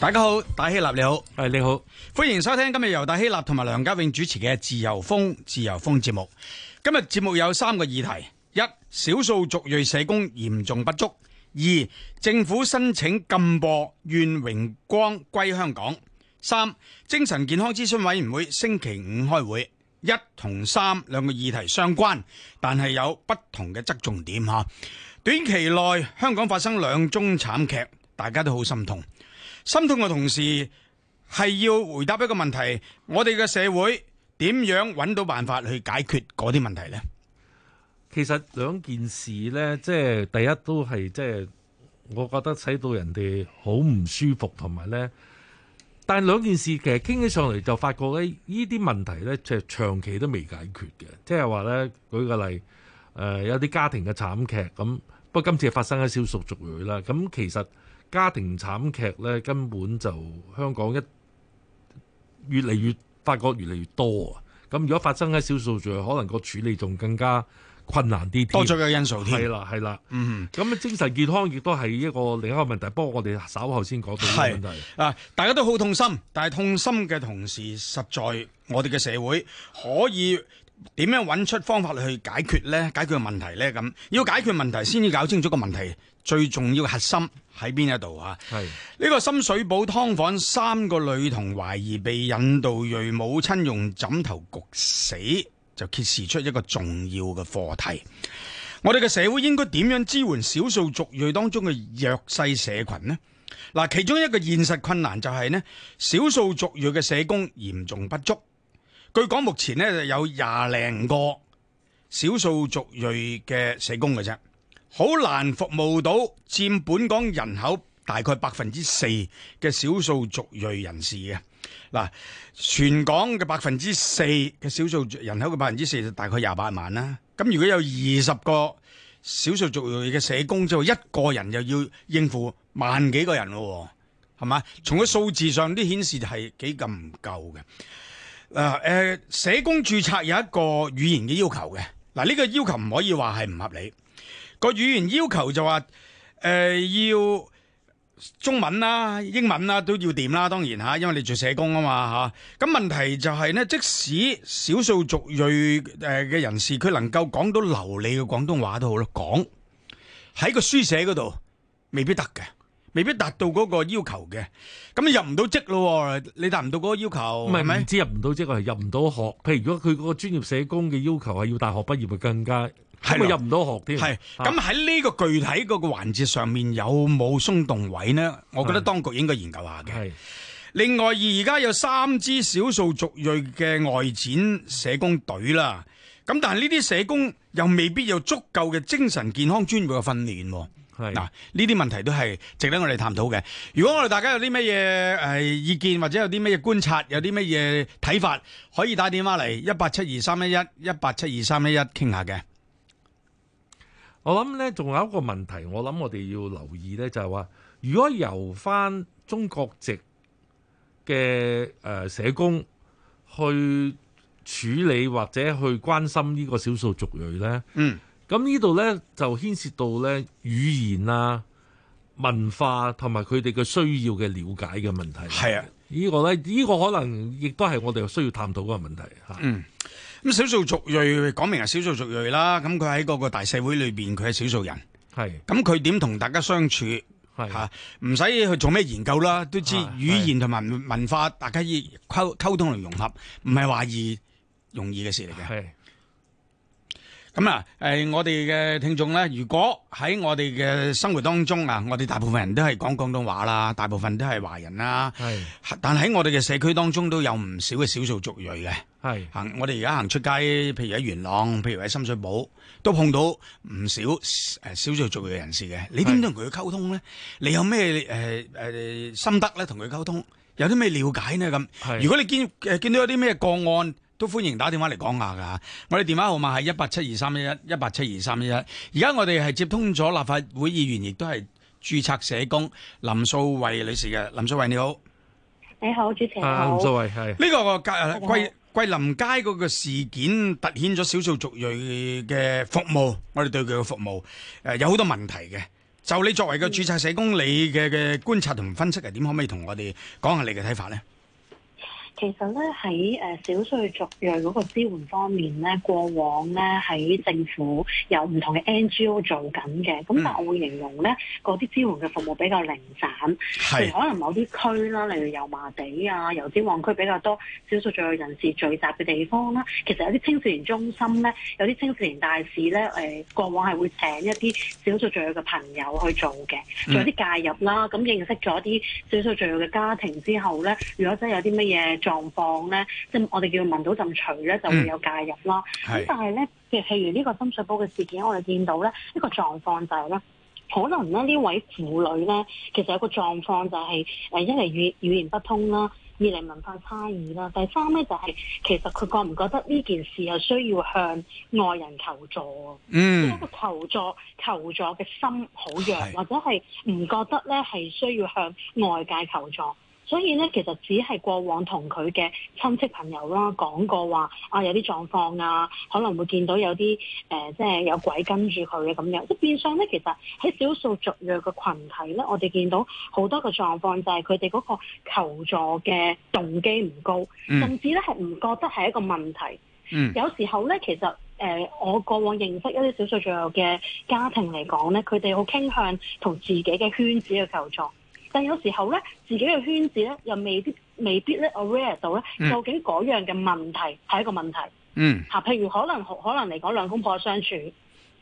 大家好，戴希立，你好，誒，你好，歡迎收聽今日由戴希立同埋梁家永主持嘅《自由風自由風》節目。今日節目有三個議題：一、少數族裔社工嚴重不足；二、政府申請禁播《願榮光歸香港》；三、精神健康諮詢委員會星期五開會。一同三兩個議題相關，但係有不同嘅側重點吓。短期內香港發生兩宗慘劇，大家都好心痛。心痛嘅同時，係要回答一個問題：我哋嘅社會點樣揾到辦法去解決嗰啲問題咧？其實兩件事咧，即係第一都係即係，我覺得使到人哋好唔舒服，同埋咧。但係兩件事其實傾起上嚟，就發覺咧，呢啲問題咧，即係長期都未解決嘅。即係話咧，舉個例，誒，有啲家庭嘅慘劇咁，不過今次發生一少數族裔啦。咁其實。家庭慘劇咧，根本就香港一越嚟越發覺越嚟越多啊！咁如果發生喺少數族裔，可能個處理仲更加困難啲，多咗個因素添。係啦，係啦。嗯，咁精神健康亦都係一個另一個問題。不過我哋稍後先講到呢個問題。啊，大家都好痛心，但係痛心嘅同時，實在我哋嘅社會可以，點樣揾出方法去解決呢？解決問題呢？咁要解決問題，先要搞清楚個問題、嗯、最重要核心喺邊一度啊！係呢是個深水埗劏房三個女童懷疑被印度裔母親用枕頭焗死，就揭示出一個重要嘅課題。我哋嘅社會應該點樣支援少數族裔當中嘅弱勢社群呢？嗱，其中一個現實困難就係呢，少數族裔嘅社工嚴重不足。據講，目前咧就有廿零個少數族裔嘅社工嘅啫，好難服務到佔本港人口大概百分之四嘅少數族裔人士嘅。嗱，全港嘅百分之四嘅少數族人口嘅百分之四就大概廿八萬啦，啊。咁如果有二十個少數族裔嘅社工之，就一個人又要應付萬幾個人咯，啊，係嘛？從個數字上啲顯示係幾咁唔夠嘅。嗱，社工註冊有一個語言嘅要求嘅，嗱、這、呢個要求唔可以話係唔合理。個語言要求就話誒、呃、要中文啦、英文啦都要掂啦，當然嚇，因為你做社工啊嘛嚇。咁問題就係、是、呢即使少數族裔誒嘅人士，佢能夠講到流利嘅廣東話都好啦，講喺個書寫嗰度未必得嘅。未必達到嗰個要求嘅，咁你入唔到職咯。你達唔到嗰個要求，唔係唔知入唔到職，我係入唔到學。譬如如果佢嗰個專業社工嘅要求係要大學畢業，會更加係咪入唔到學添。係咁喺，呢個具體嗰個環節上面有冇鬆動位呢？我覺得當局應該研究下嘅。另外而而家有三支少數族裔嘅外展社工隊啦，咁但係呢啲社工又未必有足夠嘅精神健康專業嘅訓練。嗱，呢啲問題都係值得我哋探討嘅。如果我哋大家有啲乜嘢誒意見，或者有啲乜嘢觀察，有啲乜嘢睇法，可以打電話嚟一八七二三一一一八七二三一一傾下嘅。我諗呢仲有一個問題，我諗我哋要留意呢就係話，如果由翻中國籍嘅誒社工去處理或者去關心呢個少數族裔呢。嗯。咁呢度咧就牽涉到咧語言啊、文化同埋佢哋嘅需要嘅了解嘅問題。係啊，呢個、呢個咧呢個可能亦都係我哋需要探討嗰個問題。嗯，咁少數族裔講明係少數族裔啦，咁佢喺嗰個大社會裏面，佢係少數人。係，咁佢點同大家相處？係嚇，唔、啊、使去做咩研究啦，都知語言同埋文化，大家要溝通同融合，唔係話易容易嘅事嚟嘅。係。咁啊，誒、呃，我哋嘅聽眾咧，如果喺我哋嘅生活當中啊，我哋大部分人都係講廣東話啦，大部分都係華人啦。係，但喺我哋嘅社區當中都有唔少嘅少數族裔嘅。係，行，我哋而家行出街，譬如喺元朗，譬如喺深水埗，都碰到唔少誒少數族裔人士嘅。你點同佢溝通咧？你有咩誒誒心得咧？同佢溝通有啲咩了解咧？咁，如果你見誒見到有啲咩個案？都歡迎打電話嚟講下噶，我哋電話號碼係一八七二三一一一八七二三一一。而家我哋係接通咗立法會議員，亦都係註冊社工林素蔚女士嘅。林素蔚你好，你好，主持人、啊、林素蔚係呢個桂桂林街嗰個事件突顯咗少數族裔嘅服務，我哋對佢嘅服務誒有好多問題嘅。就你作為個註冊社工，你嘅嘅觀察同分析係點，可唔可以同我哋講下你嘅睇法咧？其實咧喺呃少數族裔嗰個支援方面咧，過往咧喺政府有唔同嘅 NGO 做緊嘅，咁、嗯、但係我會形容咧，嗰啲支援嘅服務比較零散，譬如可能某啲區啦，例如油麻地啊、油尖旺區比較多少數族裔人士聚集嘅地方啦，其實有啲青少年中心咧，有啲青少年大使咧、呃，過往係會請一啲少數族裔嘅朋友去做嘅，做、嗯、啲介入啦，咁認識咗啲少數族裔嘅家庭之後咧，如果真係有啲乜嘢狀況咧，即係我哋叫聞到陣除咧，就會有介入咯。咁，嗯，但係咧，譬如呢個深水埗嘅事件，我哋見到咧，呢個狀況就係咧，可能咧呢位婦女咧，其實有個狀況就係，誒，一嚟語語言不通啦，二嚟文化差異啦，第三咧就係，其實佢覺唔覺得呢件事係需要向外人求助？嗯，呢個求助求助嘅心好弱是，或者係唔覺得咧係需要向外界求助。所以咧，其實只係過往同佢嘅親戚朋友啦講過話啊，有啲狀況啊，可能會見到有啲誒、呃，即係有鬼跟住佢嘅咁樣。即係變相咧，其實喺少數族裔嘅群體咧，我哋見到好多嘅狀況，就係佢哋嗰個求助嘅動機唔高，甚至咧係唔覺得係一個問題。嗯、mm.。有時候咧，其實誒、呃，我過往認識一啲少數族裔嘅家庭嚟講咧，佢哋好傾向同自己嘅圈子嘅求助。但有時候咧，自己嘅圈子咧，又未必未必咧 aware 到咧，究竟嗰樣嘅問題係一個問題。嗯，吓，譬如可能可能嚟講兩公婆相處。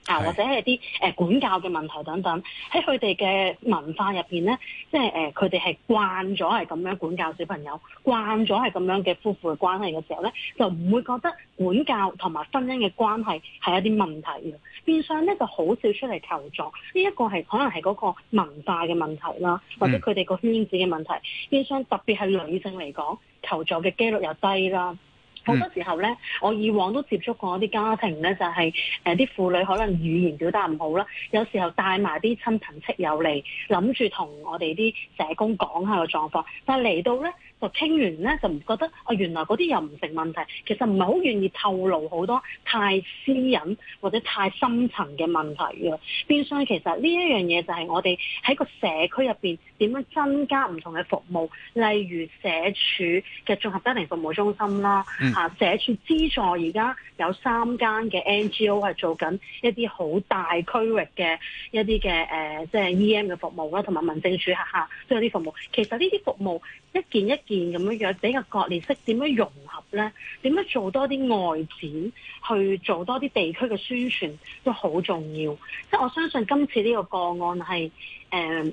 是或者係啲誒管教嘅問題等等，喺佢哋嘅文化入邊呢，即係誒佢哋係慣咗係咁樣管教小朋友，慣咗係咁樣嘅夫婦嘅關係嘅時候呢，就唔會覺得管教同埋婚姻嘅關係係一啲問題嘅，變相呢就好少出嚟求助。呢、這、一個係可能係嗰個文化嘅問題啦，或者佢哋個圈子嘅問題、嗯，變相特別係女性嚟講求助嘅幾率又低啦。好多時候咧，我以往都接觸過一啲家庭咧，就係誒啲婦女可能語言表達唔好啦，有時候帶埋啲親朋戚友嚟，諗住同我哋啲社工講下個狀況，但係嚟到咧。就傾完咧，就唔覺得啊，原來嗰啲又唔成問題。其實唔係好願意透露好多太私隱或者太深層嘅問題㗎。變相其實呢一樣嘢就係我哋喺個社區入邊點樣增加唔同嘅服務，例如社署嘅綜合家庭服務中心啦，嚇、嗯啊、社署資助而家有三間嘅 NGO 係做緊一啲好大區域嘅一啲嘅誒，即、呃、係、就係、EM 嘅服務啦，同埋民政處下下都有啲服務。其實呢啲服務一件一。咁樣樣比較割裂式點樣融合咧？點樣做多啲外展，去做多啲地區嘅宣傳都好重要。即係我相信今次呢個個案係誒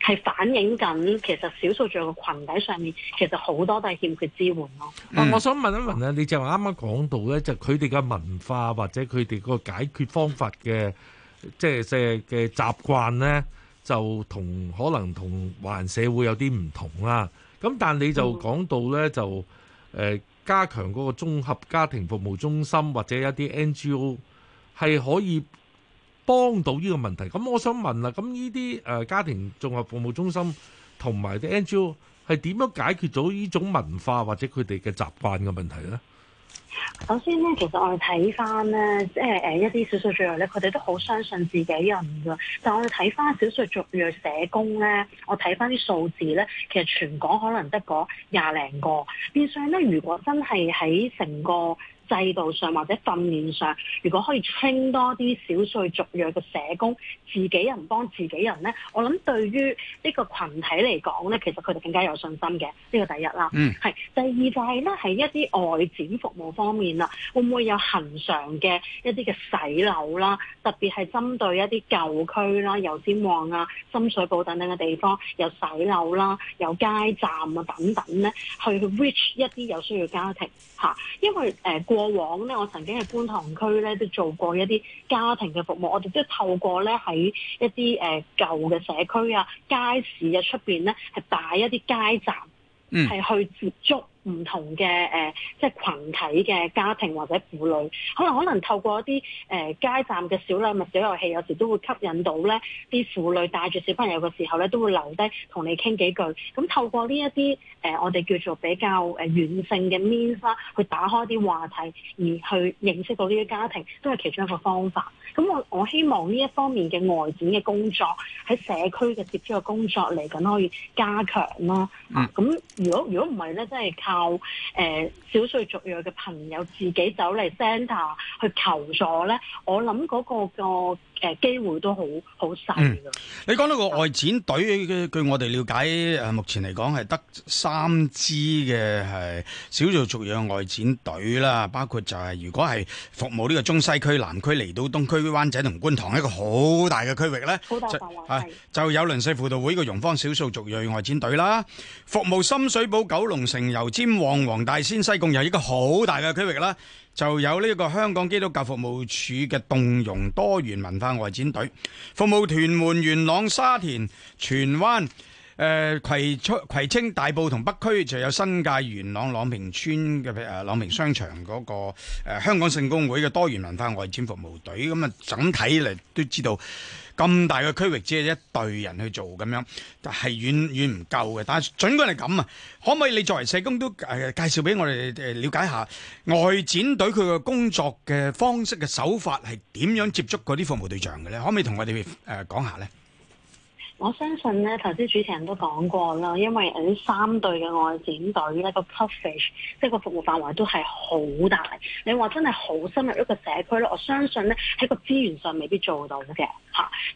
係反映緊其實少數族裔嘅群體上面其實好多都係欠缺支援咯、嗯啊。我想問一問咧，你就話啱啱講到咧，就佢哋嘅文化或者佢哋個解決方法嘅即係嘅習慣咧，就同可能同華人社會有啲唔同啦、啊。咁但係你就講到咧，就誒加強嗰個綜合家庭服務中心或者一啲 NGO 係可以幫到呢個問題。咁我想問啦，咁呢啲誒家庭綜合服務中心同埋啲 NGO 係點樣解決到呢種文化或者佢哋嘅習慣嘅問題咧？首先咧，其實我哋睇翻咧，即係誒一啲小説作業少數族裔咧，佢哋都好相信自己人㗎。但係我哋睇翻少數族裔社工咧，我睇翻啲數字咧，其實全港可能得個廿零個，變相咧，如果真係喺成個。制度上或者訓練上，如果可以請多啲少數族裔嘅社工，自己人幫自己人咧，我諗對於呢個群體嚟講咧，其實佢哋更加有信心嘅。呢、呢個第一啦，嗯，係第二就係咧，喺一啲外展服務方面啦，會唔會有恒常嘅一啲嘅洗樓啦？特別係針對一啲舊區啦、油尖旺啊、深水埗等等嘅地方有洗樓啦、有街站啊等等咧，去去 reach 一啲有需要家庭嚇，因為誒過。呃過往咧，我曾經喺觀塘區咧都做過一啲家庭嘅服務，我哋都透過咧喺一啲誒舊嘅社區啊、街市啊出邊咧，係擺一啲街站，嗯，係去接觸。唔同嘅誒、呃，即係群體嘅家庭或者婦女，可能可能透過一啲誒、呃、街站嘅小禮物、小遊戲有時都會吸引到咧啲婦女帶住小朋友嘅時候咧，都會留低同你傾幾句。咁、嗯、透過呢一啲誒我哋叫做比較誒軟性嘅 method 去打開啲話題，而去認識到呢啲家庭，都係其中一個方法。咁、嗯、我我希望呢一方面嘅外展嘅工作喺社區嘅接觸嘅工作嚟緊可以加強咯、啊。咁、啊、如果如果唔係咧，真係靠靠誒少數族裔嘅朋友自己走嚟 centre 去求助咧，我諗嗰個個。誒機會都好好細咯。你講到個外展隊，據我哋了解，誒目前嚟講係得三支嘅係少數族裔外展隊啦。包括就係如果係服務呢個中西區、南區嚟到東區灣仔同觀塘一個好大嘅區域咧。好大範圍係就有鄰舍輔導會個融方少數族裔外展隊啦，服務深水埗、九龍城、油尖旺、黃大仙、西貢，有一個好大嘅區域啦。就有呢個個香港基督教服務處嘅動容多元文化外展隊，服務屯門、元朗、沙田、荃灣。誒、呃、葵涌葵青大埔同北區，就有新界元朗朗屏邨嘅、呃、朗屏商場嗰、那個、呃、香港聖公會嘅多元文化外展服務隊。咁、嗯、啊，整體嚟都知道咁大嘅區域，只係一隊人去做咁樣，但係遠遠唔夠嘅。但係儘管係咁啊，可唔可以你作為社工都、呃、介紹俾我哋了解下外展隊佢嘅工作嘅方式嘅手法係點樣接觸嗰啲服務對象嘅咧？可唔可以同我哋誒、呃、講下咧？我相信咧，頭先主持人都講過啦，因為嗰三隊嘅外展隊咧，個 coverage 即係個服務範圍都係好大。你話真係好深入一個社區咧，我相信咧喺個資源上未必做到嘅嚇。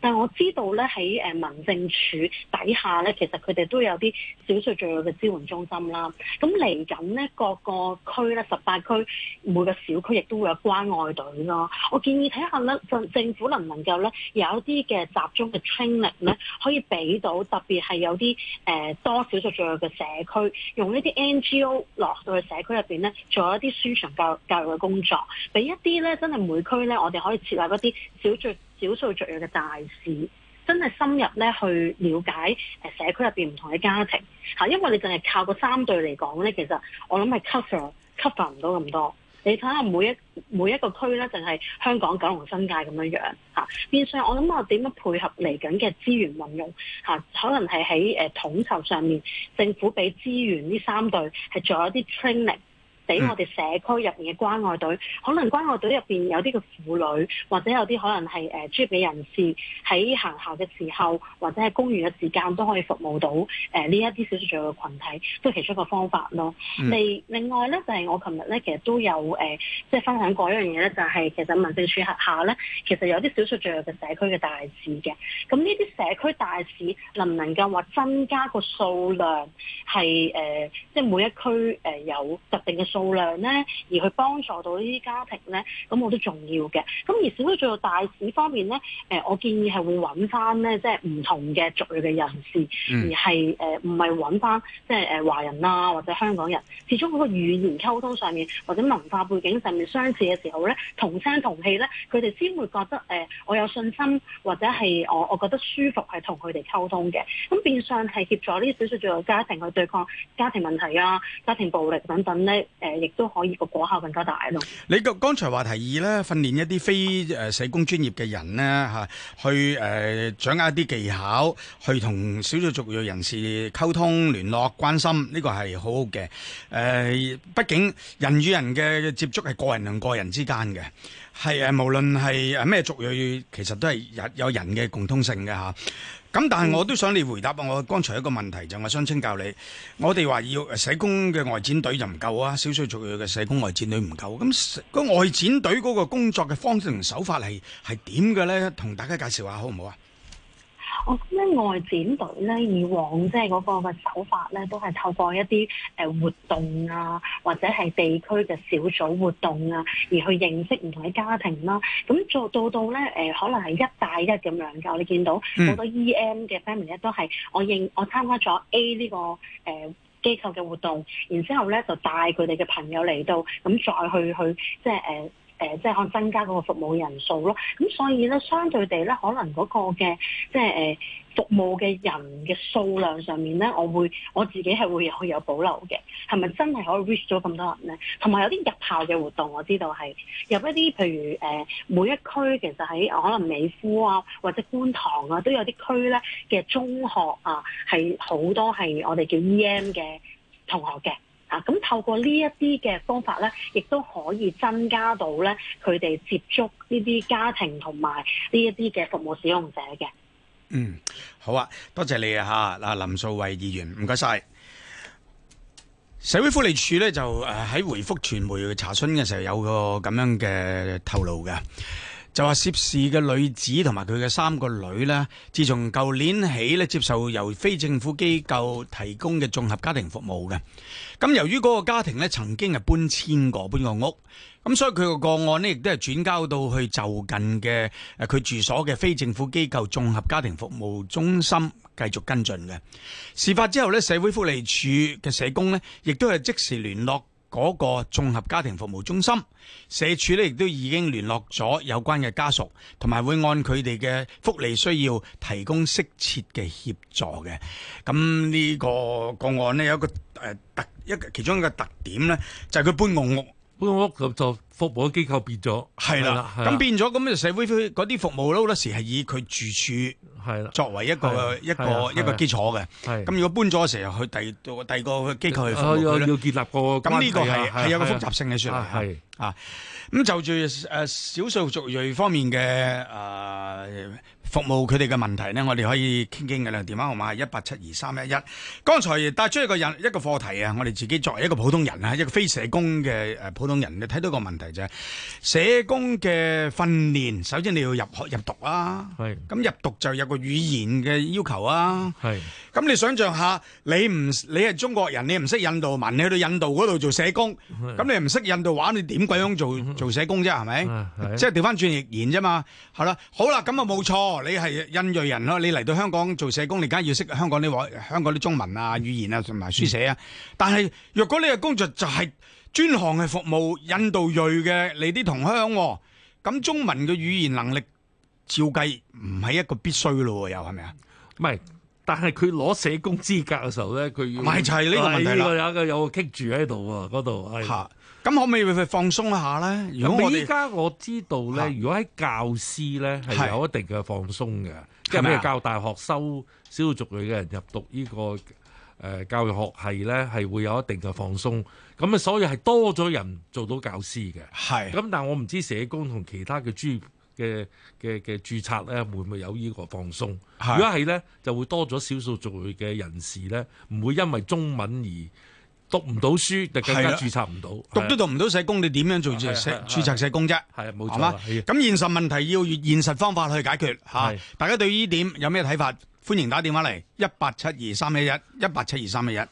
但我知道咧喺誒民政署底下咧，其實佢哋都有啲少數族裔嘅支援中心啦。咁嚟緊咧，各個區咧，十八區每個小區亦都會有關愛隊咯。我建議睇下咧，政府能唔能夠咧有一啲嘅集中嘅精力咧，可以，俾到特別係有啲誒、呃、多少數族裔嘅社區，用呢啲 NGO 落到去社區入邊咧，做一啲宣傳教教育嘅工作，俾一啲咧真係每區咧，我哋可以設立一啲少數少數族裔嘅大使，真係深入咧去了解誒、呃、社區入邊唔同嘅家庭嚇，因為你淨係靠個三對嚟講咧，其實我諗係 cover cover 唔到咁多。你睇下每一每一個區咧，淨係香港九龍新界咁樣樣嚇。變相我諗啊，點樣配合嚟緊嘅資源運用嚇？可能係喺誒統籌上面，政府俾資源呢三隊係做一啲 training。俾、嗯、我哋社區入面嘅關愛隊，可能關愛隊入邊有啲嘅婦女，或者有啲可能係誒專業人士喺行校嘅時候，或者喺公園嘅時間都可以服務到誒呢一啲少數族裔嘅群體，都係其中一個方法咯。另、嗯、另外咧就係、是、我琴日咧其實都有誒即係分享過一樣嘢咧，就係、是、其實民政處轄下咧其實有啲少數族裔嘅社區嘅大使嘅，咁呢啲社區大使能唔能夠話增加個數量係誒即係每一區誒、呃、有特定嘅？量咧，而去幫助到呢啲家庭咧，咁我都重要嘅。咁而少數族裔大使方面咧、呃，我建議係會揾翻咧，即係唔同嘅族裔嘅人士，嗯、而係唔係揾翻即係誒、呃、華人啦、啊，或者香港人。始終嗰個語言溝通上面或者文化背景上面相似嘅時候咧，同聲同氣咧，佢哋先會覺得、呃、我有信心或者係我我覺得舒服係同佢哋溝通嘅。咁變相係協助呢啲少數族裔嘅家庭去對抗家庭問題啊、家庭暴力等等咧。呃誒，亦都可以個果效更加大咯。你剛剛才話提議呢，訓練一啲非誒社工專業嘅人呢，嚇，去誒掌握一啲技巧，去同少數族裔人士溝通、聯絡、關心，呢、呢個係好好嘅。誒，畢竟人與人嘅接觸係個人同個人之間嘅，係誒，無論係誒咩族裔，其實都係人有人嘅共通性嘅嚇。咁但係我都想你回答我剛才一個問題就，我想請教你，我哋話要社工嘅外展隊就唔夠啊，少數族裔嘅社工外展隊唔夠。咁個外展隊嗰個工作嘅方式同手法係係點嘅咧？同大家介紹下好唔好啊？我覺得外展隊咧以往即係嗰個嘅手法咧，都係透過一啲活動啊，或者係地區嘅小組活動啊，而去認識唔同嘅家庭啦、啊。咁做到到咧、呃、可能係一大一咁樣嘅。你見到好多 EM 嘅 family 都係我認我參加咗 A 呢、這個、呃、機構嘅活動，然之後咧就帶佢哋嘅朋友嚟到，咁再去去即係、呃誒、呃，即係可增加嗰個服務人數咯。咁所以咧，相對地咧，可能嗰個嘅即係服務嘅人嘅數量上面咧，我會我自己係會有有保留嘅。係咪真係可以 reach 咗咁多人咧？同埋有啲入校嘅活動，我知道係入一啲譬如誒、呃，每一區其實喺可能美孚啊或者觀塘啊都有啲區咧嘅中學啊，係好多係我哋叫 EM 嘅同學嘅。啊！咁透過呢一啲嘅方法咧，亦都可以增加到咧佢哋接觸呢啲家庭同埋呢一啲嘅服務使用者嘅。嗯，好啊，多謝你啊！哈嗱，林素蔚議員，唔該晒。社會福利署咧就誒喺回覆傳媒查詢嘅時候有個咁樣嘅透露嘅。就話涉事嘅女子同埋佢嘅三個女呢，自從舊年起呢接受由非政府機構提供嘅綜合家庭服務嘅。咁由於嗰個家庭呢曾經係搬遷過搬過屋，咁所以佢個個案呢亦都係轉交到去就近嘅誒佢住所嘅非政府機構綜合家庭服務中心繼續跟進嘅。事發之後呢，社會福利署嘅社工呢亦都係即時聯絡。嗰、那個綜合家庭服務中心，社署咧亦都已經聯絡咗有關嘅家屬，同埋會按佢哋嘅福利需要提供適切嘅協助嘅。咁呢個個案咧有一個誒特一其中一個特點咧就係佢搬屋。搬屋就就服務嘅機構變咗，係啦。咁變咗咁就社會嗰啲服務咧，好多時係以佢住處係啦作為一個的一個的一個基礎嘅。咁如果搬咗嘅時候去第第二個機構去服務、啊、要，要建立個咁呢個係係有個複雜性嘅出嚟嚇。咁就住誒少數族裔方面嘅誒服務佢哋嘅問題呢，我哋可以傾傾㗎啦。電話號碼係一八七二三一一。剛才帶出一個一個課題啊，我哋自己作為一個普通人啊，一個非社工嘅誒普通人，你睇到個問題就係社工嘅訓練，首先你要入學入讀啊。係。咁入讀就有個語言嘅要求啊。係。咁你想象下，你唔你係中國人，你唔識印度文，你去到印度嗰度做社工，咁你唔識印度話，你點鬼樣做？做社工啫，係咪？即係調翻轉亦然啫嘛。係啦，好啦，咁啊冇錯，你係印裔人咯，你嚟到香港做社工，你梗係要識香港啲話，香港啲中文啊、語言啊，同埋書寫啊。嗯、但係若果你嘅工作就係專項係服務印度裔嘅你啲同鄉、啊，咁中文嘅語言能力，照計唔係一個必須咯，又係咪啊？唔係。但係佢攞社工資格嘅時候咧，佢要唔係就係、是、呢個問題啦。有個有個棘住喺度喎，嗰度係。咁可唔可以放鬆一下咧？咁依家我知道咧，如果喺教師咧係有一定嘅放鬆嘅，即係教大學收少數族裔嘅人入讀呢、這個誒、呃、教育學系咧，係會有一定嘅放鬆。咁啊，所以係多咗人做到教師嘅。係。咁但係我唔知社工同其他嘅專嘅嘅嘅註冊咧，會唔會有呢個放鬆？係啊、如果係咧，就會多咗少數族裔嘅人士咧，唔會因為中文而讀唔到書，定更加註冊唔到，係啊係啊讀都讀唔到社工，啊、你點樣做住、啊啊、註冊社工啫？係冇、啊啊、錯。咁、啊、現實問題要以現實方法去解決嚇。係啊係啊大家對呢點有咩睇法？歡迎打電話嚟一八七二三一一一八七二三一一。1872311, 1872311。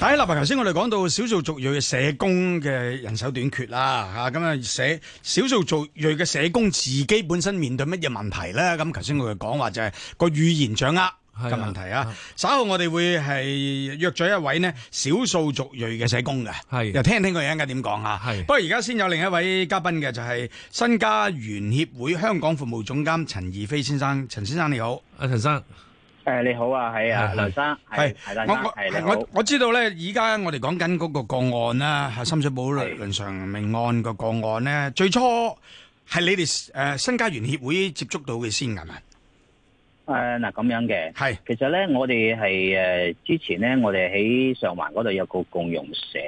睇立白，頭先我哋講到少數族裔嘅社工嘅人手短缺啦，吓咁啊，社少數族裔嘅社工自己本身面對乜嘢問題咧？咁頭先我哋講話就係個語言掌握嘅問題啊，啊。稍後我哋會係約咗一位呢少數族裔嘅社工嘅，係、啊、又聽唔聽過人家應該點講啊？係不過而家先有另一位嘉賓嘅，就係、是、新家園協會香港服務總監陳義飛先生，陳先生你好，阿、啊、陳生。誒，你好啊，喺啊，梁生係，係梁生，係你好。我我我我知道咧，而家我哋講緊嗰個個案啦，係深水埗倫常命案個個案咧。最初係你哋誒新家園協會接觸到嘅先，係咪？誒，嗱，咁樣嘅係，其實咧，我哋係誒之前咧，我哋喺上環嗰度有個共融社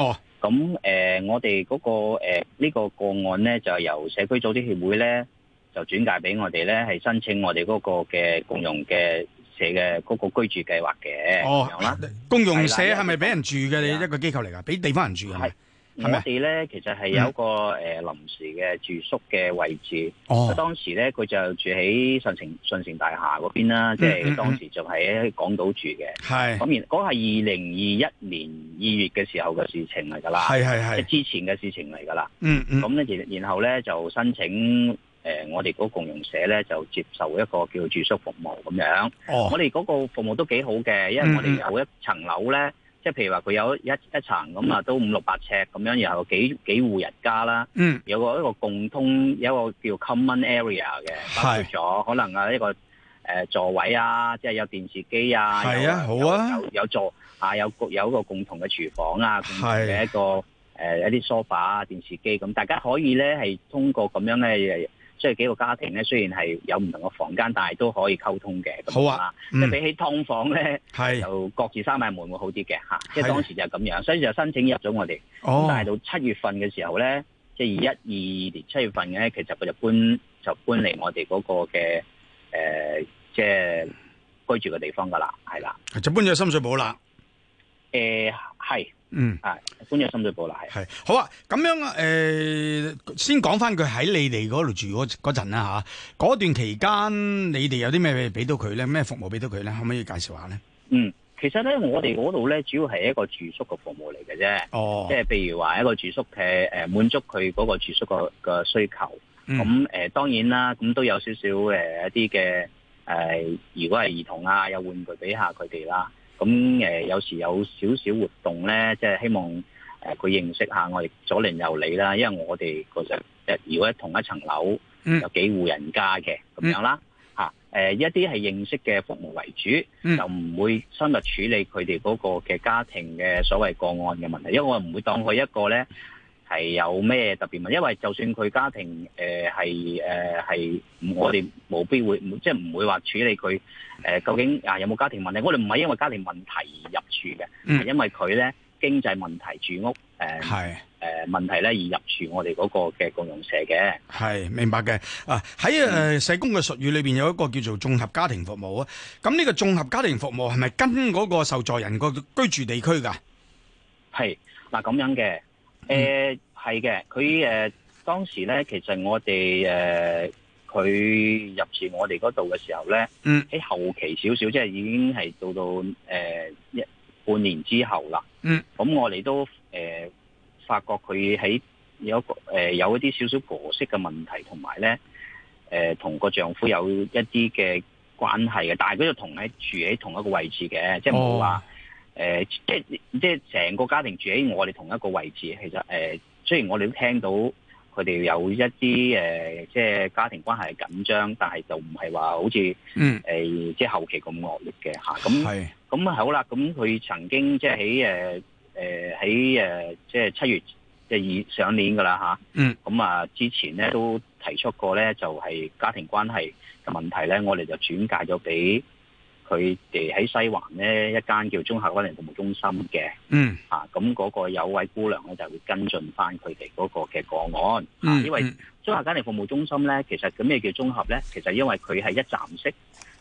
哦。咁誒，我哋嗰個誒呢個個案咧，就係由社區組織協會咧就轉介俾我哋咧，係申請我哋嗰個嘅共融嘅。嘅嗰個居住計劃嘅，有、哦、啦。公用社係咪俾人住嘅一個機構嚟㗎？俾地方人住係。我哋咧其實係有一個誒臨時嘅住宿嘅位置。哦、嗯。當時咧佢就住喺順城順城大廈嗰邊啦，即、就、係、是、當時就喺港島住嘅。係、嗯。咁然嗰係二零二一年二月嘅時候嘅事情嚟㗎啦。係係係。就是、之前嘅事情嚟㗎啦。嗯嗯。咁咧，然然後咧就申請。誒，我哋嗰個共用社咧就接受一個叫住宿服務咁樣。哦，我哋嗰個服務都幾好嘅，因為我哋有一層樓咧，即係譬如話佢有一一層咁啊，都五六百尺咁樣，然後幾幾戶人家啦。嗯，有個一個共通有一個叫 common area 嘅，包括咗可能啊一個誒座位啊，即係有電視機啊。係啊，好啊。有座啊，有有一個共同嘅廚房啊，嘅一個誒一啲 sofa 啊，電視機咁，大家可以咧係通過咁樣咧。即係幾個家庭咧，雖然係有唔同嘅房間，但係都可以溝通嘅。咁好啊，即、嗯、係比起劏房咧，就各自閂埋門會好啲嘅吓。即係當時就咁樣，所以就申請入咗我哋。哦，但係到七月份嘅時候咧，即係二一二年七月份咧，其實佢就搬就搬嚟我哋嗰個嘅誒，即係居住嘅地方噶啦，係啦，就搬咗深水埗啦。誒、呃，係。嗯，係，歡欣深水埗嚟，係。係，好啊，咁樣誒、呃，先講翻佢喺你哋嗰度住嗰、嗰陣啦吓，嗰、啊、段期間你哋有啲咩俾到佢咧？咩服務俾到佢咧？可唔可以介紹下咧？嗯，其實咧，我哋嗰度咧，主要係一個住宿嘅服務嚟嘅啫。哦，即係譬如話一個住宿嘅誒，滿、呃、足佢嗰個住宿個嘅需求。咁、嗯、誒、呃，當然啦，咁都有少少誒、呃、一啲嘅誒，如果係兒童啊，有玩具俾下佢哋啦。咁誒、呃、有時有少少活動咧，即係希望誒佢、呃、認識下我哋左鄰右里啦，因為我哋嗰陣誒如果同一層樓有幾戶人家嘅咁樣啦、啊呃、一啲係認識嘅服務為主，嗯、就唔會深入處理佢哋嗰個嘅家庭嘅所謂個案嘅問題，因為我唔會當佢一個咧。係有咩特別問題？因為就算佢家庭誒係誒係，我哋冇必會，即係唔會話處理佢誒、呃、究竟啊有冇家庭問題？我哋唔係因為家庭問題而入住嘅，嗯、係因為佢咧經濟問題住屋誒誒、呃呃、問題咧而入住我哋嗰個嘅共用社嘅。係明白嘅啊！喺誒、呃、社工嘅術語裏邊有一個叫做綜合家庭服務啊！咁呢個綜合家庭服務係咪跟嗰個受助人個居住地區噶？係嗱咁樣嘅。誒、嗯，係、呃、嘅，佢誒、呃，當時咧，其實我哋誒，佢、呃、入住我哋嗰度嘅時候咧，嗯，喺後期少少，即係已經係到到誒、呃、一半年之後啦，嗯，咁我哋都誒、呃，發覺佢喺有一個誒、呃，有一啲少少角色嘅問題，同埋咧，誒、呃，同個丈夫有一啲嘅關係嘅，但係佢度同喺住喺同一個位置嘅，即係唔會話。誒、呃，即係即係成個家庭住喺我哋同一個位置，其實誒、呃，雖然我哋都聽到佢哋有一啲誒、呃，即係家庭關係緊張，但係就唔係話好似嗯誒、呃，即係後期咁惡劣嘅吓，咁、啊、咁好啦，咁佢曾經即係喺誒誒喺誒，即係七、呃、月即係上年噶啦吓，咁啊、嗯、之前咧都提出過咧，就係、是、家庭關係嘅問題咧，我哋就轉介咗俾。佢哋喺西環咧一間叫綜合、嗯啊那個個個嗯啊、綜合家庭服務中心嘅，嗯，啊，咁嗰個有位姑娘咧就會跟進翻佢哋嗰個嘅個案，因為綜合家庭服務中心咧，其實咁咩叫綜合咧？其實因為佢係一站式，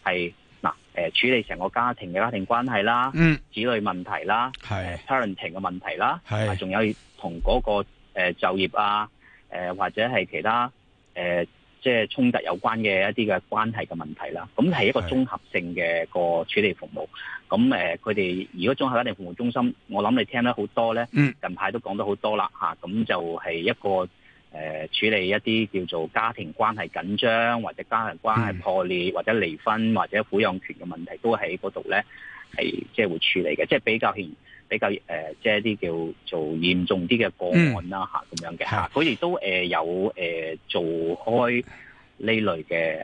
係、啊、嗱，誒、呃、處理成個家庭嘅家庭關係啦，嗯，子女問題啦，係、呃、parenting 嘅問題啦，係，仲、啊、有同嗰、那個誒、呃、就業啊，誒、呃、或者係其他誒。呃即係衝突有關嘅一啲嘅關係嘅問題啦，咁係一個綜合性嘅個處理服務。咁誒，佢、呃、哋如果綜合家庭服務中心，我諗你聽得好多咧、嗯。近排都講得好多啦，嚇、啊！咁就係一個誒、呃、處理一啲叫做家庭關係緊張，或者家庭關係破裂，嗯、或者離婚或者撫養權嘅問題，都喺嗰度咧，係即係會處理嘅，即、就、係、是、比較嚴。比較誒，即係一啲叫做嚴重啲嘅個案啦，吓咁樣嘅吓，佢亦都誒有誒做開呢類嘅誒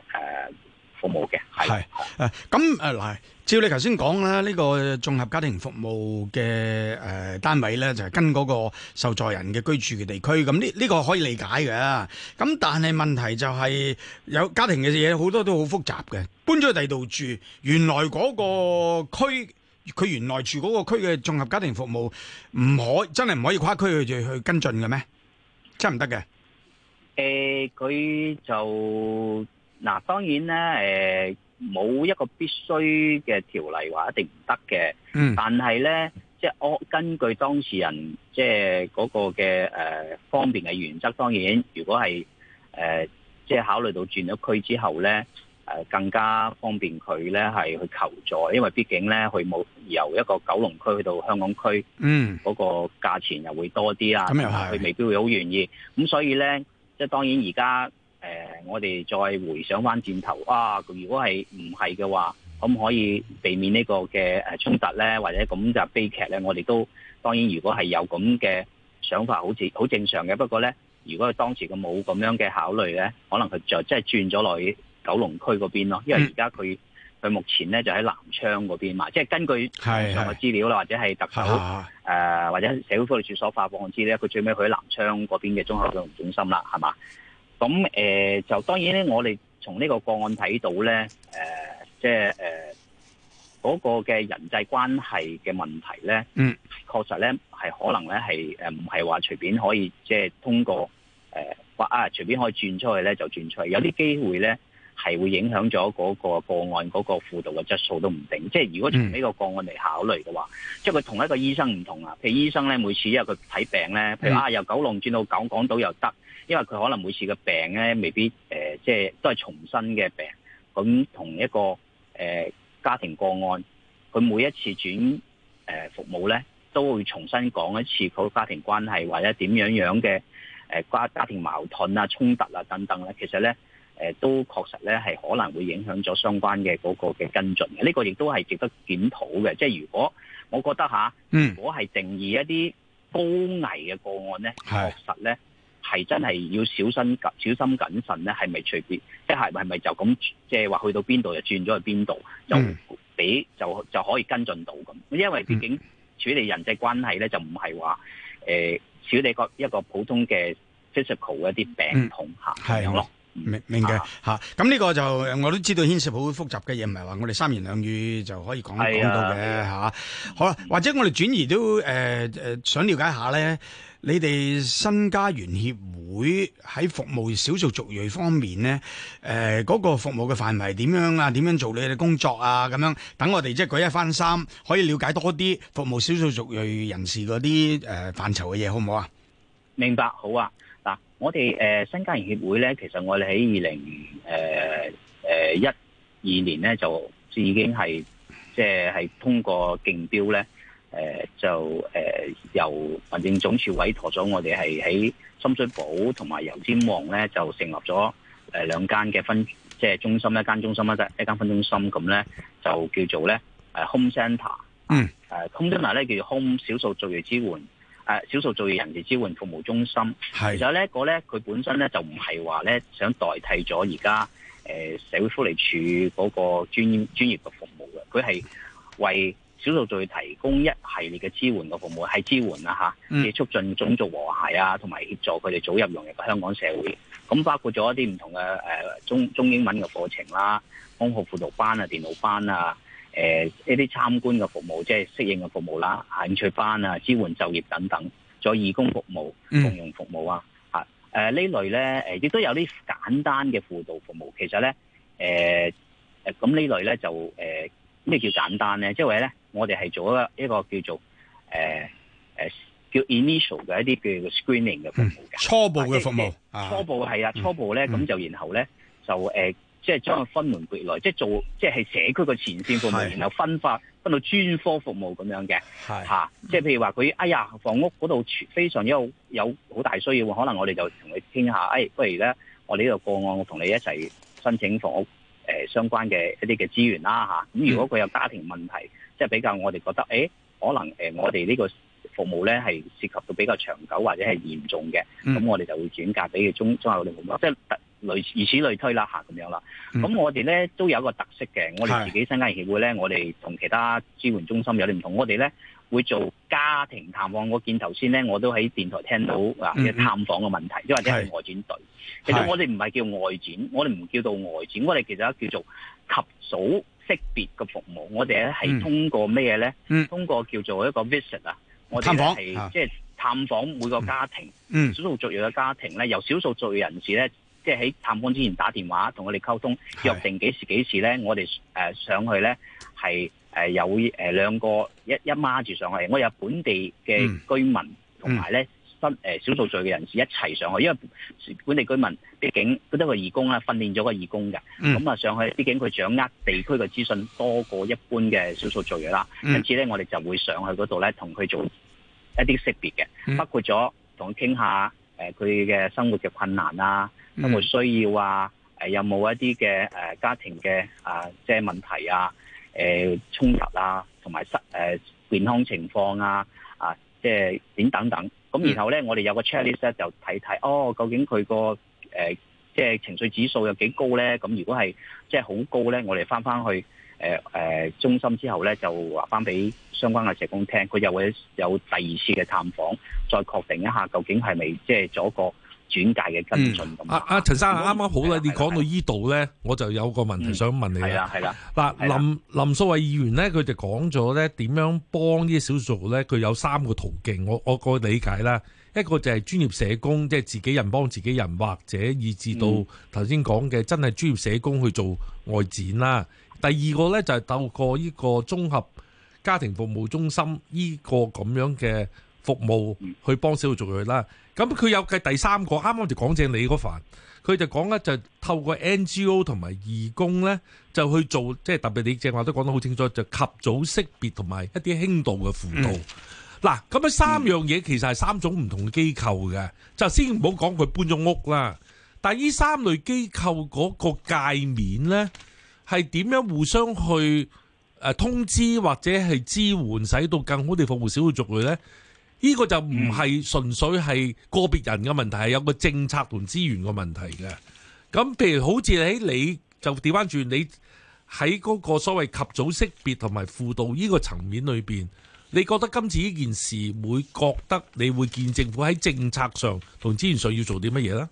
服務嘅係誒咁誒，嗱照你頭先講啦，呢個綜合家庭服務嘅誒單位咧，就係跟嗰個受助人嘅居住嘅地區，咁呢呢個可以理解嘅。咁但係問題就係有家庭嘅嘢好多都好複雜嘅，搬咗去第度住，原來嗰個區。佢原來住嗰個區嘅綜合家庭服務唔可，真係唔可以跨區去去跟進嘅咩？真係唔得嘅。誒、呃，佢就嗱，當然咧，誒、呃、冇一個必須嘅條例話一定唔得嘅。嗯。但係咧，即係我根據當事人即係嗰個嘅誒、呃、方便嘅原則，當然如果係誒、呃、即係考慮到轉咗區之後咧。誒更加方便佢咧係去求助，因為畢竟咧佢冇由一個九龍區去到香港區嗯，個價錢又會多啲啦。咁又佢未必會好願意。咁、嗯、所以咧，即係當然而家誒，我哋再回想翻轉頭，哇、啊！如果係唔係嘅話，可唔可以避免這個呢個嘅誒衝突咧，或者咁就悲劇咧。我哋都當然，如果係有咁嘅想法，好似好正常嘅。不過咧，如果佢當時佢冇咁樣嘅考慮咧，可能佢就真係轉咗落去。九龍區嗰邊咯，因為而家佢佢目前咧就喺南昌嗰邊嘛，即係根據網上嘅資料啦，或者係特首誒、啊呃、或者社會福利署所發布，我知咧，佢最尾去喺南昌嗰邊嘅綜合社服中心啦，係嘛？咁誒、呃、就當然咧，我哋從呢個個案睇到咧，誒、呃、即係誒嗰個嘅人際關係嘅問題咧，嗯，確實咧係可能咧係誒唔係話隨便可以即係通過誒、呃、啊隨便可以轉出去咧就轉出去，有啲機會咧。係會影響咗嗰個個案嗰個輔導嘅質素都唔定，即係如果從呢個個案嚟考慮嘅話，嗯、即係佢同一個醫生唔同啊。譬如醫生咧，每次因為佢睇病咧，譬、嗯、如啊，由九龍轉到九港島又得，因為佢可能每次嘅病咧，未必、呃、即係都係重新嘅病。咁同一個誒、呃、家庭個案，佢每一次轉誒、呃、服務咧，都會重新講一次佢個家庭關係或者點樣樣嘅誒家家庭矛盾啊、衝突啊等等咧，其實咧。誒都確實咧，係可能會影響咗相關嘅嗰個嘅跟進嘅。呢個亦都係值得檢討嘅。即係如果我覺得嚇，如果係定義一啲高危嘅個案咧，確實咧係真係要小心、小心謹慎咧，係咪隨便？即係係咪就咁即係話去到邊度就轉咗去邊度，就俾就就可以跟進到咁？因為畢竟處理人際關係咧，就唔係話誒處理一個普通嘅 physical 的一啲病痛嚇咯，嗯。嗯。明明嘅吓，咁、啊、呢、啊、個就我都知道牽涉好複雜嘅嘢，唔係話我哋三言兩語就可以講講、哎、到嘅吓、啊。好啦，或者我哋轉移都誒誒、呃呃，想了解下呢，你哋新家園協會喺服務少數族裔方面呢，誒、呃、嗰、那個服務嘅範圍點樣啊？點樣做你哋工作啊？咁樣等我哋即係舉一反三，可以了解多啲服務少數族裔人士嗰啲誒範疇嘅嘢，好唔好啊？明白，好啊。我哋誒、呃、新加連協會咧，其實我哋喺二零誒誒一二年咧，就已經係即係通過競標咧，呃，就，呃、由民政總署委託咗我哋係喺深水埗同埋油尖旺咧，就成立咗誒兩間嘅分即係、就是、中心，一間中心一間分中心咁咧，就叫做咧 Home Centre，嗯，Home Centre 呢，咧、mm. uh, 叫做 Home 少數族裔支援。係少數族裔人士支援服務中心，其實這個呢個咧佢本身咧就唔係話咧想代替咗而家誒社會福利署嗰個專專業嘅服務嘅，佢係為少數族裔提供一系列嘅支援嘅服務，係支援啦即亦促進種族和諧啊，同埋協助佢哋早日融入個香港社會。咁、啊、包括咗一啲唔同嘅誒、呃、中中英文嘅課程啦、功課輔導班、腦班啊、電腦班啊。誒、呃，一啲參觀嘅服務，即係適應嘅服務啦，興趣班啊，支援就業等等，再義工服務、共用服務、嗯、啊、吓、呃、誒呢類咧，誒亦都有啲簡單嘅輔導服務。其實咧，誒、呃、誒，咁呢類咧就誒咩、呃、叫簡單咧？即係話咧，我哋係做一個叫做誒誒、呃、叫 initial 嘅一啲叫做 screening 嘅服務嘅、嗯、初步嘅服務，初步係啊，初步咧咁就然後咧就誒。呃即係將佢分門別類，即係做即係社區個前線服務，然後分發分到專科服務咁樣嘅嚇、啊。即係譬如話佢，哎呀，房屋嗰度非常之有有好大需要，可能我哋就同佢傾下，哎，不如咧，我呢個個案，我同你一齊申請房屋誒、呃、相關嘅一啲嘅資源啦嚇。咁、啊嗯嗯、如果佢有家庭問題，即係比較我哋覺得，誒、哎、可能誒、呃、我哋呢個服務咧係涉及到比較長久或者係嚴重嘅，咁、嗯、我哋就會轉介俾佢中中立服務，即係類如此類推啦，嚇咁樣啦。咁、嗯、我哋咧都有一個特色嘅，我哋自己新家園協會咧，我哋同其他支援中心有啲唔同。我哋咧會做家庭探訪。我見頭先咧，我都喺電台聽到、嗯、啊嘅探訪嘅問題，即或者係外展隊。其實我哋唔係叫外展，我哋唔叫做外展，我哋其實叫做及早識別嘅服務。我哋咧係通過咩咧、嗯？通過叫做一個 visit 啊，我哋係即探訪、即係、每個家庭，嗯、少數族裔嘅家庭咧，由少數族裔人士咧。即係喺探訪之前打電話同我哋溝通，約定幾時幾時咧？我哋誒、呃、上去咧係誒有誒、呃、兩個一一孖住上去，我有本地嘅居民同埋咧新誒少數族裔嘅人士一齊上去，因為本地居民畢竟都得個義工啦，訓練咗個義工嘅，咁、嗯、啊上去畢竟佢掌握地區嘅資訊多過一般嘅少數族裔嘅啦，因此咧我哋就會上去嗰度咧同佢做一啲識別嘅、嗯，包括咗同佢傾下。誒佢嘅生活嘅困難啊，生活需要啊，誒有冇一啲嘅誒家庭嘅啊即係問題啊，誒、呃、衝突啊，同埋失誒、呃、健康情況啊，啊即係點等等。咁然後咧，我哋有個 checklist 咧，就睇睇哦，究竟佢個誒即係情緒指數有幾高咧？咁如果係即係好高咧，我哋翻翻去。誒誒，中心之後咧，就話翻俾相關嘅社工聽，佢又會有第二次嘅探訪，再確定一下究竟係咪即係咗個轉介嘅跟進咁。阿阿陳生，啱、嗯、啱好啦，你講到依度咧，我就有個問題想問你啦。係啦，嗱，林林，林素蔚議員咧，佢就講咗咧，點樣幫呢少數咧？佢有三個途徑。我我個理解啦，一個就係專業社工，即、就、係、是、自己人幫自己人，或者以至到頭先講嘅真係專業社工去做外展啦。嗯第二個呢，就係透過呢個綜合家庭服務中心呢個咁樣嘅服務去幫少數族裔啦。咁佢有嘅第三個啱啱就講正你嗰份，佢就講呢，就透過 NGO 同埋義工呢，就去做，即係特別你正話都講得好清楚，就及早識別同埋一啲輕度嘅輔導。嗱、嗯、咁樣三樣嘢其實係三種唔同嘅機構嘅，就先唔好講佢搬咗屋啦。但係呢三類機構嗰個界面呢，係點樣互相去誒通知或者係支援，使到更好地服務少數族裔呢，呢、呢個就唔係純粹係個別人嘅問題，係有個政策同資源嘅問題嘅。咁譬如好似喺你，你就調翻轉，你喺嗰個所謂及早識別同埋輔導呢個層面裏邊，你覺得今次呢件事會覺得你會見政府喺政策上同資源上要做啲乜嘢呢？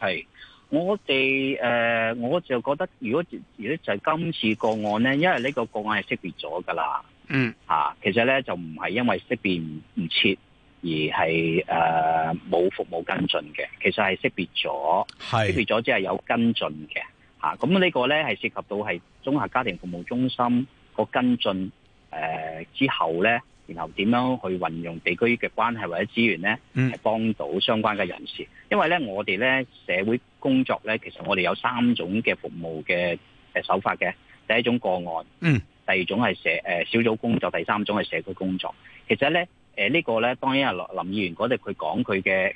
係。我哋誒，我就覺得，如果如果就係今次個案咧，因為呢個個案係識別咗㗎啦，嗯，嚇，其實咧就唔係因為識別唔切，而係誒冇服務跟進嘅，其實係識別咗，識別咗之後有跟進嘅，嚇，咁呢個咧係涉及到係綜合家庭服務中心個跟進，誒之後咧，然後點樣去運用地區嘅關係或者資源咧，嗯，係幫到相關嘅人士，因為咧我哋咧社會工作咧，其實我哋有三種嘅服務嘅手法嘅。第一種個案，第二種係社、呃、小組工作，第三種係社區工作。其實咧，誒、呃這個、呢個咧，當然係林林議員嗰度，佢講佢嘅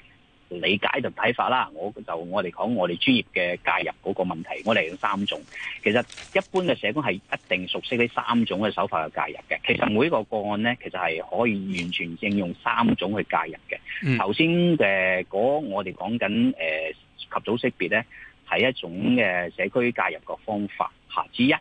理解同睇法啦。我就我哋講我哋專業嘅介入嗰個問題，我哋用三種。其實一般嘅社工係一定熟悉呢三種嘅手法嘅介入嘅。其實每一個個案咧，其實係可以完全應用三種去介入嘅。頭先嘅嗰我哋講緊誒及早識別咧係一種嘅社區介入嘅方法嚇之一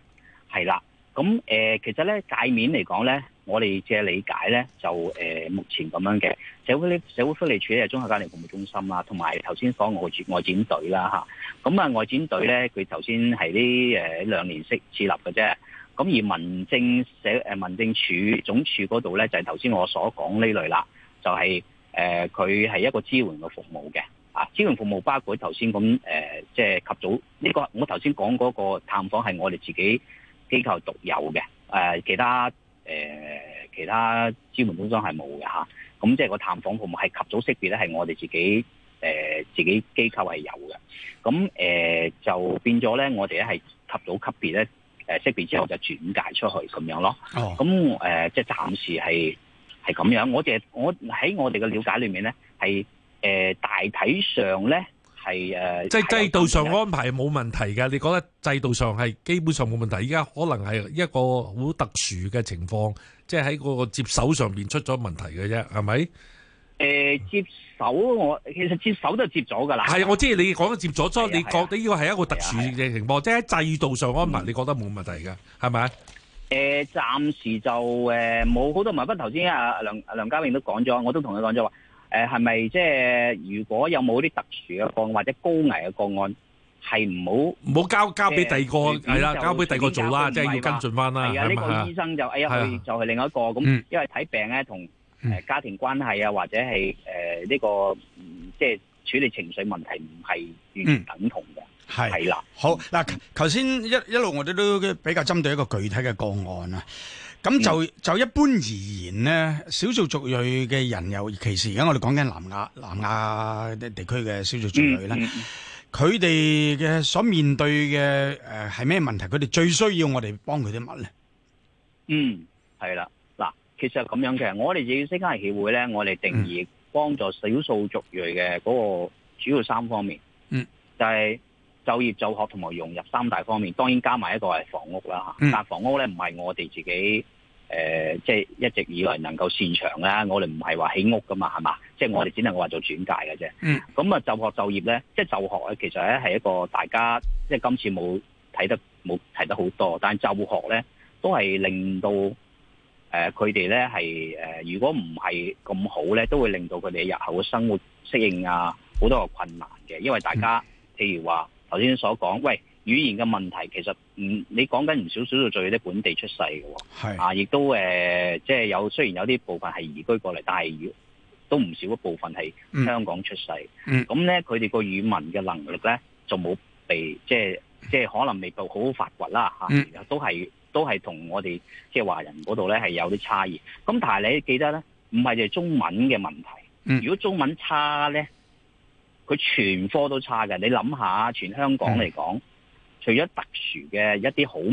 係啦，咁誒、呃、其實咧界面嚟講咧，我哋嘅理解咧就誒、呃、目前咁樣嘅社會呢社會福利署咧係綜合家庭服務中心啦，同埋頭先講外展外展隊啦嚇，咁啊、嗯、外展隊咧佢頭先係啲誒兩年式設立嘅啫，咁而民政社誒民政處總署嗰度咧就係頭先我所講呢類啦，就係誒佢係一個支援嘅服務嘅。啊！支援服務包括頭先咁誒，即係及早呢個。我頭先講嗰個探訪係我哋自己機構獨有嘅，誒、呃、其他誒、呃、其他支援中心係冇嘅嚇。咁、啊、即係個探訪服務係及早識別咧，係我哋自己誒、呃、自己機構係有嘅。咁誒、呃、就變咗咧，我哋咧係及早識別咧，誒識別之後就轉介出去咁樣咯。咁、哦、誒、呃、即係暫時係係咁樣。我哋我喺我哋嘅了解裏面咧係。是呃，大體上呢，係呃，即係制度上安排，冇問題嘅。你覺得制度上係基本上冇問題，依家可能係一個好特殊嘅情況，即係喺個接手上面出咗問題嘅啫，係咪？誒、呃，係咪即係如果有冇啲特殊嘅個案或者高危嘅個案，係唔好唔好交交俾第二個，係啦，交俾第二個做啦，是即係要跟進翻啦。係啊，呢、這個醫生就誒、哎啊、去就係另一個咁、嗯，因為睇病咧同誒家庭關係啊，或者係誒呢個即係、呃、處理情緒問題唔係完全等同嘅。係、嗯、啦、啊，好嗱，頭、啊、先一一路我哋都比較針對一個具體嘅個案啊。咁、嗯、就就一般而言咧，少數族裔嘅人尤其是而家我哋講緊南亞南亞地區嘅少數族裔咧，佢哋嘅所面對嘅係咩問題？佢哋最需要我哋幫佢啲乜咧？嗯，係啦，嗱，其實係咁樣嘅，我哋自己新家園協會咧，我哋定義幫助少數族裔嘅嗰個主要三方面，嗯，就係、是。就業就學同埋融入三大方面，當然加埋一個係房屋啦、嗯、但房屋咧唔係我哋自己誒、呃，即係一直以來能夠擅長啦。我哋唔係話起屋噶嘛，係嘛？即係我哋只能夠話做轉介嘅啫。咁、嗯、啊，就學就業咧，即係就學咧，其實咧係一個大家即係今次冇睇得冇睇得好多，但係就學咧都係令到誒佢哋咧係誒，如果唔係咁好咧，都會令到佢哋日後嘅生活適應啊好多個困難嘅，因為大家、嗯、譬如話。頭先所講，喂，語言嘅問題其實，嗯，你講緊唔少少數仲有啲本地出世嘅喎，啊，亦都誒、呃，即係有雖然有啲部分係移居過嚟，但係都唔少一部分係香港出世。咁、嗯、咧，佢哋個語文嘅能力咧，就冇被即係即係可能未夠好好發掘啦嚇、嗯嗯，都係都係同我哋即係華人嗰度咧係有啲差異。咁但係你記得咧，唔係就係中文嘅問題。如果中文差咧，嗯佢全科都差嘅，你諗下，全香港嚟講，除咗特殊嘅一啲好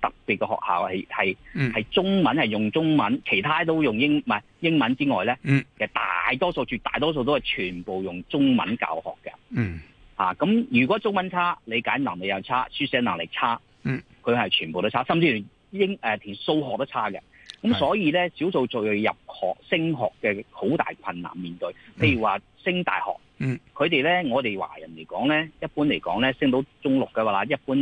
特別嘅學校係係係中文係用中文，其他都用英唔係、啊、英文之外咧，其、嗯、實大多數絕大多數都係全部用中文教學嘅。嗯，咁、啊、如果中文差，理解能力又差，書寫能力差，嗯，佢係全部都差，甚至英誒、啊、連數學都差嘅。咁、嗯、所以咧，少數族裔入學升學嘅好大困難面對，譬如話升大學。嗯，佢哋咧，我哋華人嚟講咧，一般嚟講咧，升到中六嘅話，一般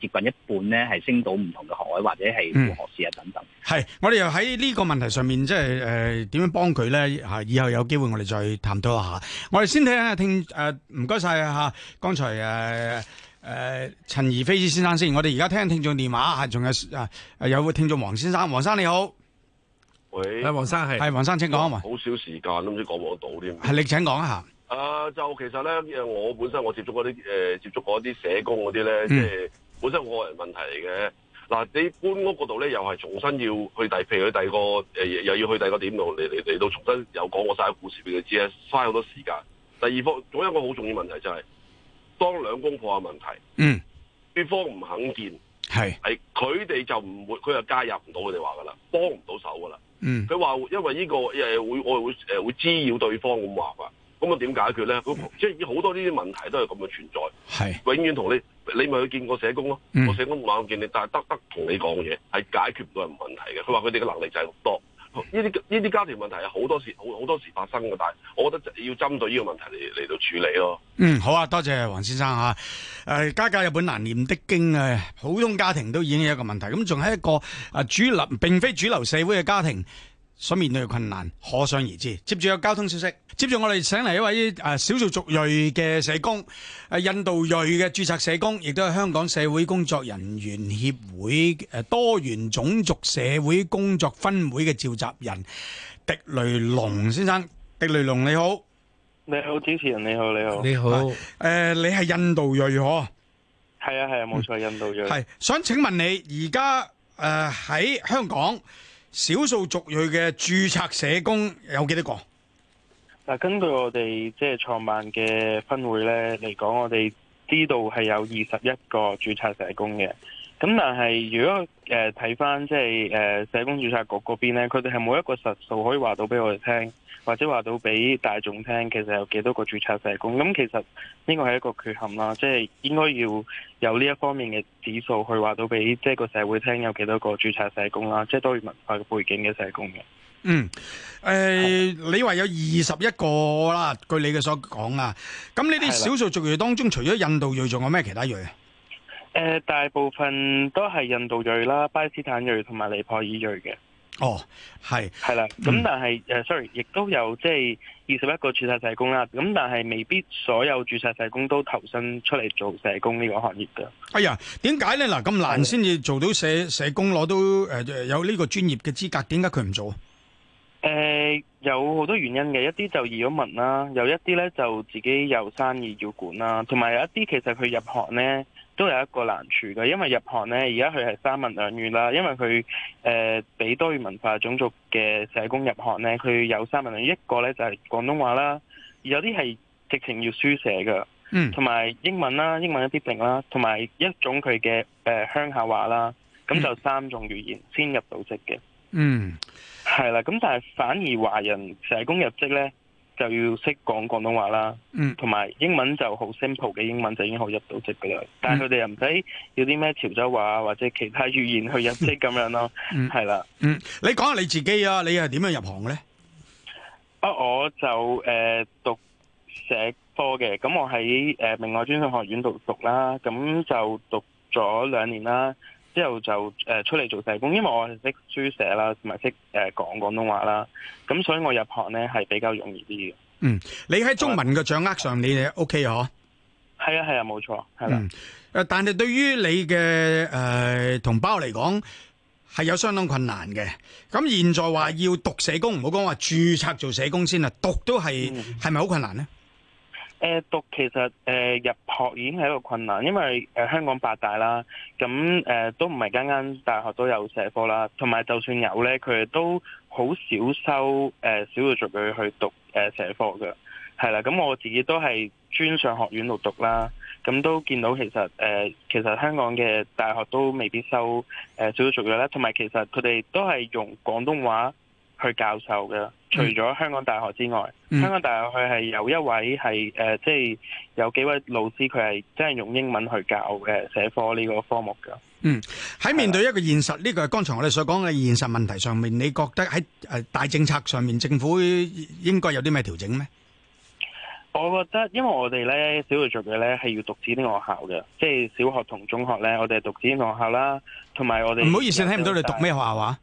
接近一半咧係升到唔同嘅學位或者係學士啊等等。係、嗯，我哋又喺呢個問題上面，即係誒點樣幫佢咧？以後有機會我哋再探討一下。我哋先睇下聽誒，唔該晒啊！嚇，剛才誒。呃誒、呃，陳義飛先生先，我哋而家聽聽眾電話，係仲有啊，有位聽眾黃先生，黃先生你好，喂，黃先生係，係黃先生請講，好少時間都唔知講唔講到添，係你請講一下。啊、呃，就其實咧，我本身我接觸嗰啲誒，接觸嗰啲社工嗰啲咧，即、嗯、係本身我個人問題嚟嘅。嗱、啊，你搬屋嗰度咧，又係重新要去第，譬如去第二個誒、呃，又要去第二個點度你嚟到重新又講我晒故事俾佢知，係嘥好多時間。第二科，仲有一個好重要問題，就係。當兩公婆嘅問題，嗯，對方唔肯見，係係佢哋就唔會，佢又介入唔到，佢哋話噶啦，幫唔到手噶啦，嗯，佢話因為呢個誒會我會誒、呃、會滋擾對方咁話噶，咁啊點解決咧、嗯？即係好多呢啲問題都係咁嘅存在，係永遠同你你咪去見過社工咯、嗯，個社工唔話我見你，但係得得同你講嘢係解決唔到人問題嘅，佢話佢哋嘅能力就係咁多。呢啲呢啲家庭問題係好多時，好好多時發生嘅。但係，我覺得要針對呢個問題嚟嚟到處理咯。嗯，好啊，多謝黃先生嚇。誒、啊，家家有本難念的經啊，普通家庭都已經有一個問題。咁仲係一個啊主流並非主流社會嘅家庭。所面對嘅困難可想而知。接住有交通消息，接住我哋請嚟一位誒少數族裔嘅社工，誒印度裔嘅注冊社工，亦都係香港社會工作人員協會誒多元種族社會工作分會嘅召集人狄雷龍先生。狄雷龍你好，你好主持人你好你好你好誒，你係印度裔嗬？係啊係啊，冇錯印度裔係。想請問你而家誒喺香港？少數族裔嘅注冊社工有幾多個？根據我哋即係創辦嘅分會呢，嚟講，我哋知道係有二十一個注冊社工嘅。咁但係如果誒睇翻即係誒社工注冊局嗰邊呢，佢哋係冇一個實數可以話到俾我哋聽。或者話到俾大眾聽，其實有幾多個註冊社工，咁其實呢個係一個缺陷啦，即係應該要有呢一方面嘅指數去話到俾即係個社會聽有幾多個註冊社工啦，即係多元文化嘅背景嘅社工嘅。嗯，誒、呃，你話有二十一個啦，據你嘅所講啊，咁呢啲少數族裔當中，除咗印度裔，仲有咩其他裔？誒、呃，大部分都係印度裔啦、巴基斯坦裔同埋尼泊爾裔嘅。哦，係係啦，咁但係誒、嗯啊，sorry，亦都有即係二十一個註冊社工啦，咁但係未必所有註冊社工都投身出嚟做社工呢個行業噶。哎呀，點解咧？嗱，咁難先至做到社社工，攞到誒、呃、有呢個專業嘅資格，點解佢唔做？誒、呃，有好多原因嘅，一啲就移咗民啦，有一啲咧就自己有生意要管啦，同埋有一啲其實佢入行咧。都有一個難處嘅，因為入行呢，而家佢係三文兩語啦，因為佢誒、呃、畀多語文化種族嘅社工入行呢，佢有三文兩語，一個呢就係、是，廣東話啦，有啲係直情要書寫嘅，嗯，同埋英文啦，英文一啲定定啦，同埋一種佢嘅誒鄉下話啦，咁就三種語言先入到職嘅，嗯，係啦，咁但係反而華人社工入職呢。就要識講廣東話啦，同、嗯、埋英文就好 simple 嘅，英文就已經好入到職噶啦。但係佢哋又唔使要啲咩潮州話或者其他語言去入職咁樣咯。係、嗯、啦，嗯，你講下你自己啊，你係點樣入行呢？啊，我就誒、呃、讀社科嘅，咁我喺誒、呃、明愛專上學院讀讀啦，咁就讀咗兩年啦。之後就誒出嚟做社工，因為我係識書寫啦，同埋識誒講廣東話啦，咁所以我入行咧係比較容易啲嘅。嗯，你喺中文嘅掌握上，你哋 OK 嗬？係啊，係啊，冇錯，係啦。誒、嗯，但係對於你嘅誒、呃、同胞嚟講，係有相當困難嘅。咁現在話要讀社工，唔好講話註冊做社工先啦，讀都係，係咪好困難咧？誒讀其實誒、呃、入學已經係一個困難，因為、呃、香港八大啦，咁誒、呃、都唔係間間大學都有社科啦，同埋就算有咧，佢哋都好少收誒、呃、少數族裔嘅去讀誒、呃、社科嘅，係啦。咁我自己都係專上學院度讀啦，咁都見到其實誒、呃、其實香港嘅大學都未必收誒、呃、少數族裔嘅啦，同埋其實佢哋都係用廣東話。去教授嘅，除咗香港大學之外，嗯、香港大學佢係有一位係誒，即、呃、係、就是、有幾位老師，佢係真係用英文去教嘅寫科呢個科目噶。嗯，喺面對一個現實，呢、這個係剛才我哋所講嘅現實問題上面，你覺得喺誒大政策上面，政府應該有啲咩調整咩？我覺得，因為我哋咧小學做嘅咧係要讀指定學校嘅，即、就、係、是、小學同中學咧，我哋係讀指定學校啦，同埋我哋唔好意思，學學聽唔到你讀咩學校啊？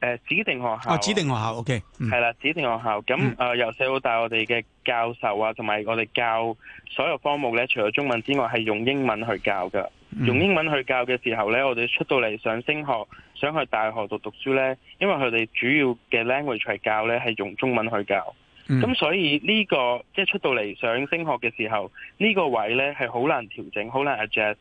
誒，指定學校，指定學校，OK，係啦，指定學校。咁、嗯、誒、OK，嗯呃，由細到大，我哋嘅教授啊，同埋我哋教所有科目呢，除咗中文之外，係用英文去教噶用英文去教嘅時候呢，我哋出到嚟，上升學，想去大學度讀書呢，因為佢哋主要嘅 language 係教呢，係用中文去教。咁、嗯、所以呢、呢個即係出到嚟上升學嘅時候，呢、呢個位呢，係好難調整，好難 adjust。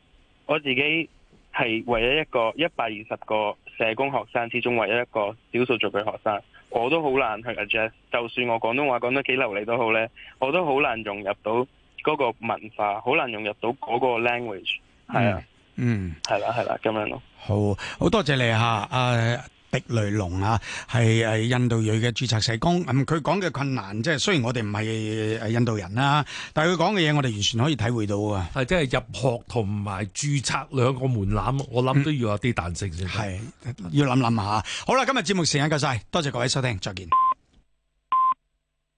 我自己係唯一一個一百二十個。社工學生始終唯一一個少數族嘅學生，我都好難去 adjust。就算我廣東話講得幾流利都好呢，我都好難融入到嗰個文化，好難融入到嗰個 language。係啊，嗯，係啦啊，係啦啊，咁樣咯啊。好，好多謝你啊。狄雷龍啊，係印度裔嘅註冊社工，咁佢講嘅困難，即係雖然我哋唔係印度人啦，啊，但係佢講嘅嘢，我哋完全可以體會到啊！係即係入學同埋註冊兩個門檻，我諗都要有啲彈性先。係、嗯、要諗諗下。 好啦，今日節目時間夠晒，多謝各位收聽，再見。